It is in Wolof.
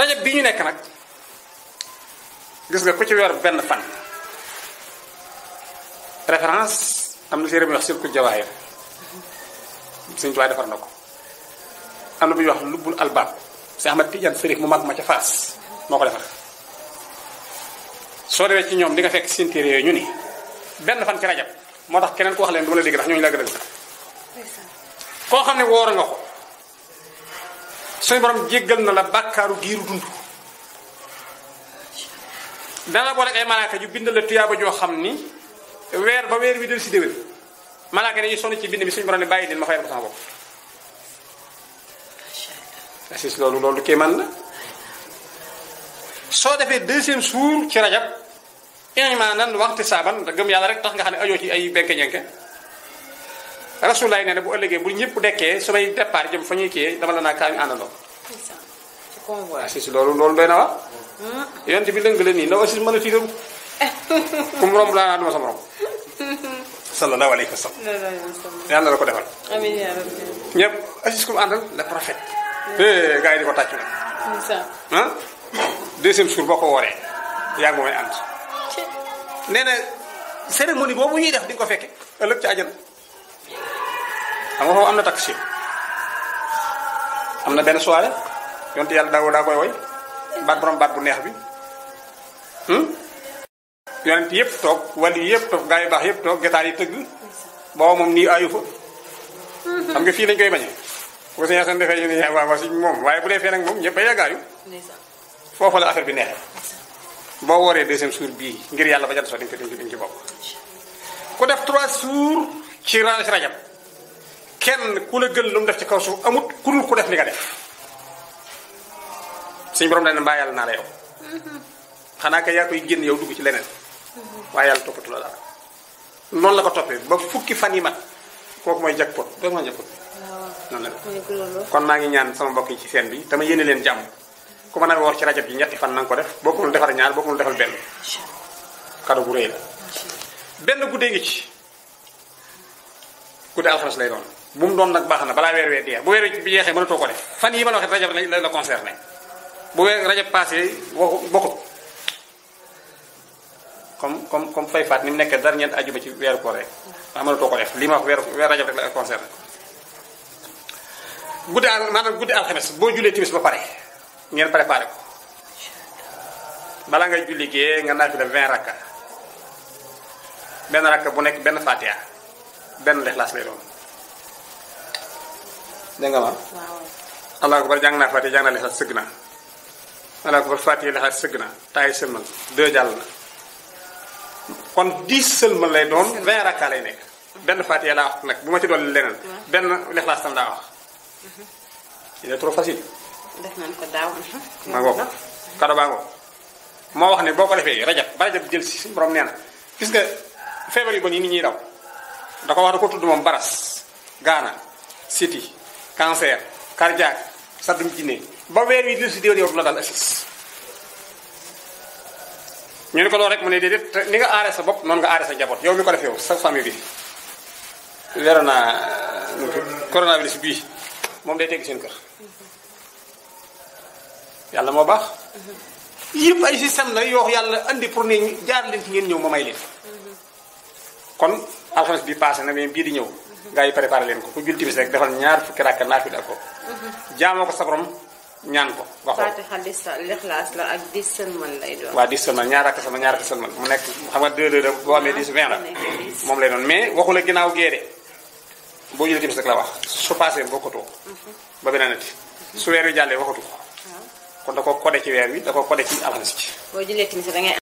rajab bi ñu nekk nag gis nga ku ci yor benn fan référence am na téere bu wax sirku jawaayir sëñ tuwaay defar na ko am na bu wax lubbul albaab si Ahmad Tidiane Sërif mu mag ma ca Faas moo ko defar soo demee ci ñoom di nga fekk seen téere yooyu ñu ni benn fan ci rajab moo tax keneen ko wax leen du la dégg ndax ñooñu la gën a koo xam ne woor nga ko suñu borom jéggal na la bàkkaaru giiru dund dana boole ay malaka ju bind la tiyaba jo xamni ni ba weer wi del si dewel malaka dañuy sonu ci bind bi suñu borom ni bayyi din ma fayal ko sama bopp assis loolu loolu kéemaan la soo defee deuxième sour ci rajab imanan waqti saban da gëm yalla rek tax nga xam ayo ci ay benke ñenke rasulaay nee na bu ëllëgee bu ñëpp dekkee su may départ jëm fa ñuy kii dama la naa kaa ñu àndandoo. assis ah, loolu loolu doy na wa hmm. yonte bi lëng la nii ndaw assis mën a tiitam ku mu romb laa naa duma sama romb sallallahu alayhi wa sallam yàlla la ko defal amiin assis ku hmm. eh, ko tàccu nag deuxième jour boo ko wooree yaa ngi may ànd nee na cérémonie boobu ñuy def di nga ko fekke ëllëg ci àjjana xam nga am na taksi am na benn soirée yonte yàlla daaw daa koy woy baat borom baat bu neex bi hmm? yonent yépp toog wali yépp toog gaa yu baax yépp toog getaar yi tëgg booba moom nii ayu fa mhm. xam nga fii lañ koy bañe ko seen xam defee ñu ne waaw suñ si moom waaye bu dee fee nag moom ñëpp a yàggaayu foofu la affaire bi neexee boo wooree deuxième suur bii ngir yàlla ba jant so dañ ko dañ ci bokk ku def trois suur ci rajab kenn ku la gën lu mu def ci kaw suuf amut ku dul ku def li nga def suñu borom dana mbaa yàlla naa la yow xanaa ka yaa koy génn yow dugg ci leneen waaye yàlla toppatu la dara noonu la ko toppee ba fukki fan yi mat kooku mooy jackpot doo kon maa ngi ñaan sama mbokk yi ci seen bi dama yéene leen jàmm ku mën a woor ci rajab ji ñetti fan na nga ko def boo ko mën defal ñaar boo ko mën defal benn kado bu rëy la benn guddee ngi ci guddee alxames lay doon bum don nak baxna bala wer wer weer bu wer bi jeexee mënatoo toko def fan yi ma waxe rajab la la concerné bu wer rajab passé bokku comme comme comme fay fat nim nek dar ñen ñeent ajuma ci wer ko rek ndax mënatoo toko def lima wer wer rajab rek la concerné gudi al manam gudi al khamis bo julé timis ba pare ngeen préparé ko bala nga julli ge nga nak def 20 rakka ben rakka bu nek ben fatia ben lexlaas lay doon dégg Allah ma allahu akbar jàng naa fati jàng naa lixaat sëgg naa allahu akbar fati lixaat sëgg naa taay sëlmal deux jàll na kon dix sëlmal lay doon vingt rakka lay fati wax ma ci dolli leneen benn lixlaas tam daa wax il est trop facile def nañ ko daaw ma kado baa ngoog wax ne boo ko rajab rajab jël si borom nee gis nga feebar yu nit da ko wax da ko baras gana siti cancer cardiaque sa dum ci ne ba wer wi dusi si yow la dal assis ñu ko loolu rek mune dedet ni nga arrêté sa bop non nga arrêté sa jabot yow mi ko defew sa famille bi leeroon euh, coronavirus bi mom day tegg seen kër yàlla moo baax yëpp ay système la yox yalla andi pour ni jaar leen ci ngeen ñew ma may leen kon alxames bi passé na mais bi di ñew gaa yi préparé leen ko ku julli timis rek defal ñaar fukki rakka naafila ak ko jaamoo ko sa ñaan ko nga xool Fatiha dis ak dis mu nekk xam nga deux deux la boo amee dix vingt la moom lay doon mais waxu la ginnaaw boo julli timis rek la wax su passé bokkatoo mhm. ba beneen nati su weer wi jàllee waxatu ko ah. kon da ko ci weer wi da ko codé ci alxames ci boo jullee timis da ngay